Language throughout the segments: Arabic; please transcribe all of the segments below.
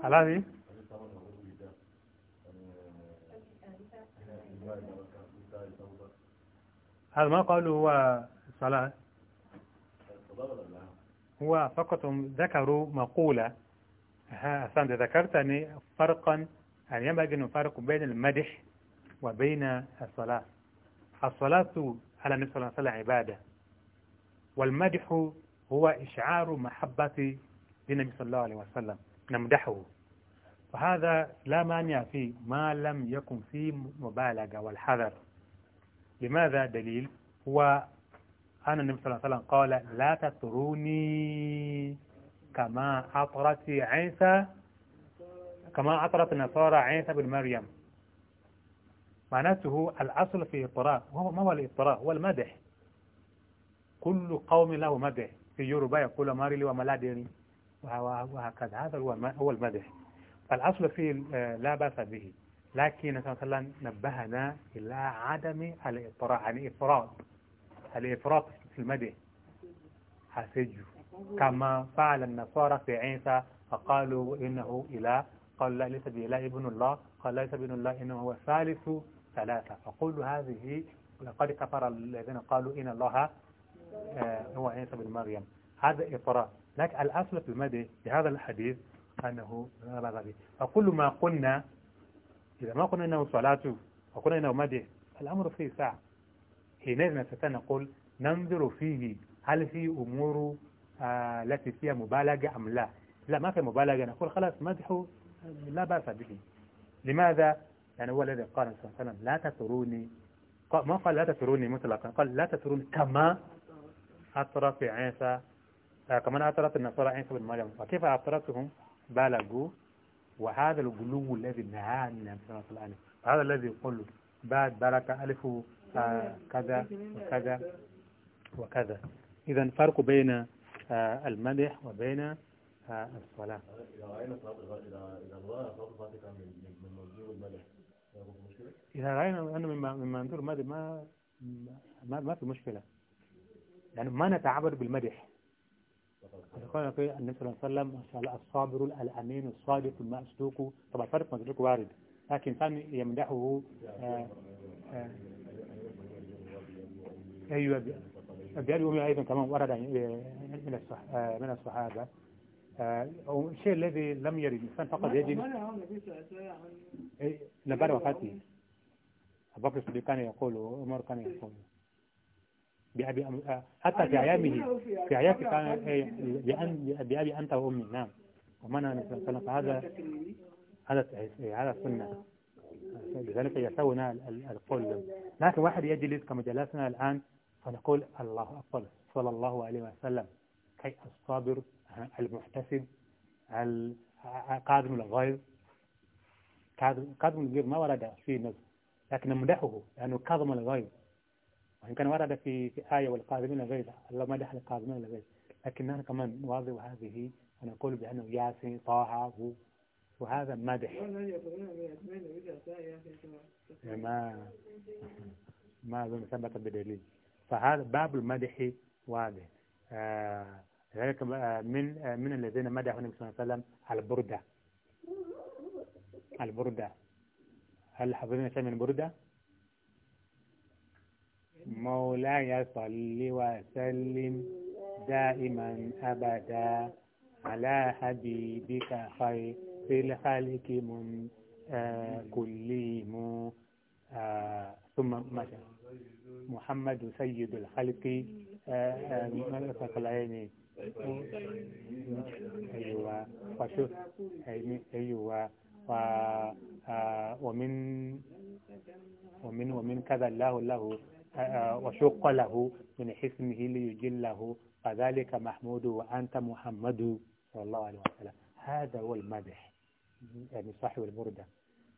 هل هذه هذا ما قالوا هو صلاة هو فقط ذكروا مقولة ها ذكرت يعني أن فرقا أن ينبغي فرق بين المدح وبين الصلاة الصلاة على النبي صلى الله عليه وسلم عبادة والمدح هو إشعار محبة للنبي صلى الله عليه وسلم نمدحه وهذا لا مانع فيه ما لم يكن فيه مبالغة والحذر لماذا دليل هو أن النبي صلى الله عليه وسلم قال لا تطروني كما عطرت عيسى كما عطرت النصارى عيسى بن مريم معناته الأصل في إطراء ما هو الإطراء هو المدح كل قوم له مدح في يوروبا يقول لي وملاديني وهكذا هذا هو المدح فالأصل فيه آه، لا بأس به لكن صلى الله عليه وسلم نبهنا إلى عدم الإطراء يعني إفراط الإفراط في المدح حسجه كما فعل النصارى في عيسى فقالوا إنه إله قال لا ليس بإله ابن الله قال ليس ابن الله إنه هو ثالث ثلاثة فقولوا هذه لقد كفر الذين قالوا إن الله آه، هو عيسى بن مريم هذا إطراء لكن الأصل في المدي هذا الحديث أنه بغبي فكل ما قلنا إذا ما قلنا أنه صلاة وقلنا أنه مدي الأمر فيه ساعة حينئذ نستطيع نقول ننظر فيه هل في أمور آه، التي فيها مبالغة أم لا لا ما في مبالغة نقول خلاص مدح آه، لا بأس به لماذا؟ يعني هو الذي قال صلى الله عليه وسلم لا تتروني ما قال لا تتروني مطلقا قال لا تتروني كما في عيسى آه، كمان في النصارى عيسى بن مريم فكيف أطرتهم بالغوا وهذا الغلو الذي نهانا عنه الآن هذا الذي يقول بعد بركة ألف آه، كذا وكذا وكذا إذا فرق بين آه، المدح وبين الصلاة إذا رأينا أنه من منظور المدح ما ما في مشكلة يعني ما نتعبد بالمدح قال النبي صلى الله عليه وسلم ما شاء الله الصابر الأمين الصادق المأسلوك طبعا الصادق المأسلوك وارد لكن كان يمدحه آه، آه، أيوة بيال يومي أيضا كمان ورد من آه، من الصحابة الشيء الذي لم يرد الإنسان فقط يجد لبعد يعني- إيه، وفاته أبو بكر الصديق كان يقول عمر كان يقول بأبي أم... آه، حتى في أيامه في أيامه كان بأن إيه، بأبي أنت وأمي نعم ومنا نسأل صلى فهذا هذا هذا إيه، سنة لذلك يسونا القول لكن واحد يجلس كما جلسنا الآن فنقول الله أكبر صلى الله عليه وسلم كي الصابر المحتسب القادم للغيظ قادم الغيظ ما ورد في النص لكن نمدحه لأنه كاظم الغيظ وإن كان ورد في في آية والقادمين غيظا الله مدح القادمين غيظا لكن أنا كمان واضح هذه أنا أقول بأنه ياسين طه وهذا مدح ما ما أظن ثبت بدليل فهذا باب المدح واضح آه، ذلك آه، من آه، من الذين مدحوا النبي صلى الله عليه وسلم البردة البردة هل حضرنا شيء من البردة؟ مولاي صل وسلم دائما أبدا على حبيبك خير الخلق من آه، كلهم آه، ثم ماذا محمد سيد الخلق العين آه، أيوة أيوة و ومن ومن ومن كذا الله له آه، وشق له من حسمه ليجله فذلك محمود وأنت محمد صلى الله عليه وسلم هذا هو المدح يعني صاحب البردة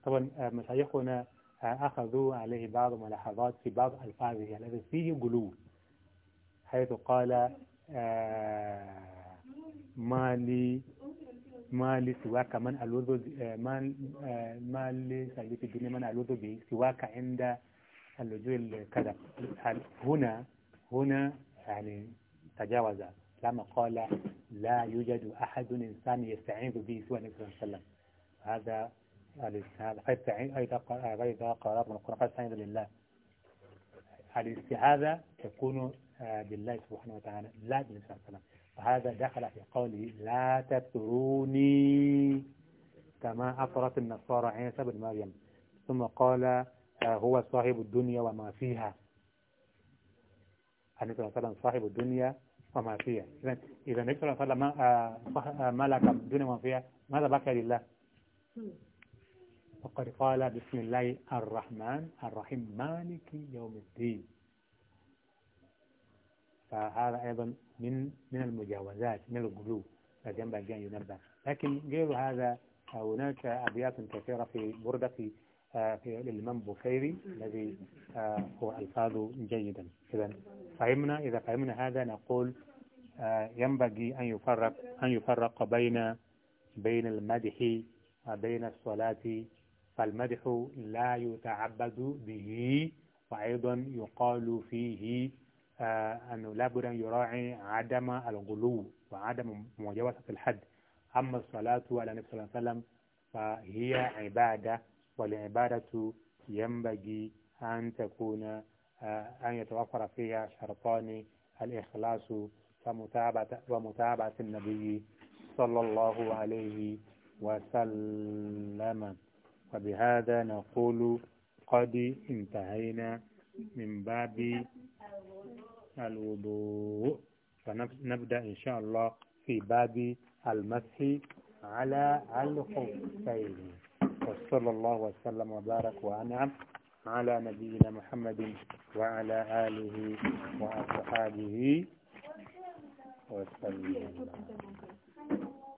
طبعا آه، مشايخنا آه، أخذوا عليه بعض ملاحظات في بعض ألفاظه الذي فيه قلوب حيث قال ما لي ما لي سواك من ألوذ ما لي في الدنيا من ألوذ به سواك عند اللجوء كذا هنا هنا يعني تجاوز لما قال لا يوجد أحد إنسان يستعين به سوى النبي صلى الله عليه وسلم هذا هذا قد تعين أيضا أيضا قرار من القرآن قد تعين لله الاستعاذة تكون بالله آه، سبحانه وتعالى لا بالنبي صلى الله عليه وسلم وهذا دخل في قوله لا تتروني كما أطرت النصارى عيسى بن مريم ثم قال هو صاحب الدنيا وما فيها النبي صلى الله عليه وسلم صاحب الدنيا وما فيها إذا إذا النبي صلى الله عليه وسلم آه، آه، ملك الدنيا وما فيها ماذا بقي لله؟ وقد قال بسم الله الرحمن الرحيم مالك يوم الدين فهذا أيضا من من المجاوزات من الغلو الذي ينبغي ينبه لكن غير هذا هناك أبيات كثيرة في بردة في الإمام بوخيري الذي آه، هو ألفاظه جيدا إذا فهمنا إذا فهمنا هذا نقول آه، ينبغي أن يفرق أن يفرق بين بين المدح وبين آه، الصلاة فالمدح لا يتعبد به وأيضا يقال فيه أنه لابد أن يراعي عدم الغلو وعدم مجاوزة الحد أما الصلاة على النبي صلى الله عليه وسلم فهي عبادة والعبادة ينبغي أن تكون آه، أن يتوفر فيها شرطان الإخلاص ومتابعة, ومتابعة النبي صلى الله عليه وسلم وبهذا نقول قد انتهينا من باب الوضوء فنبدأ إن شاء الله في باب المسح على الخفين وصلى الله وسلم وبارك وأنعم على نبينا محمد وعلى آله وأصحابه وسلم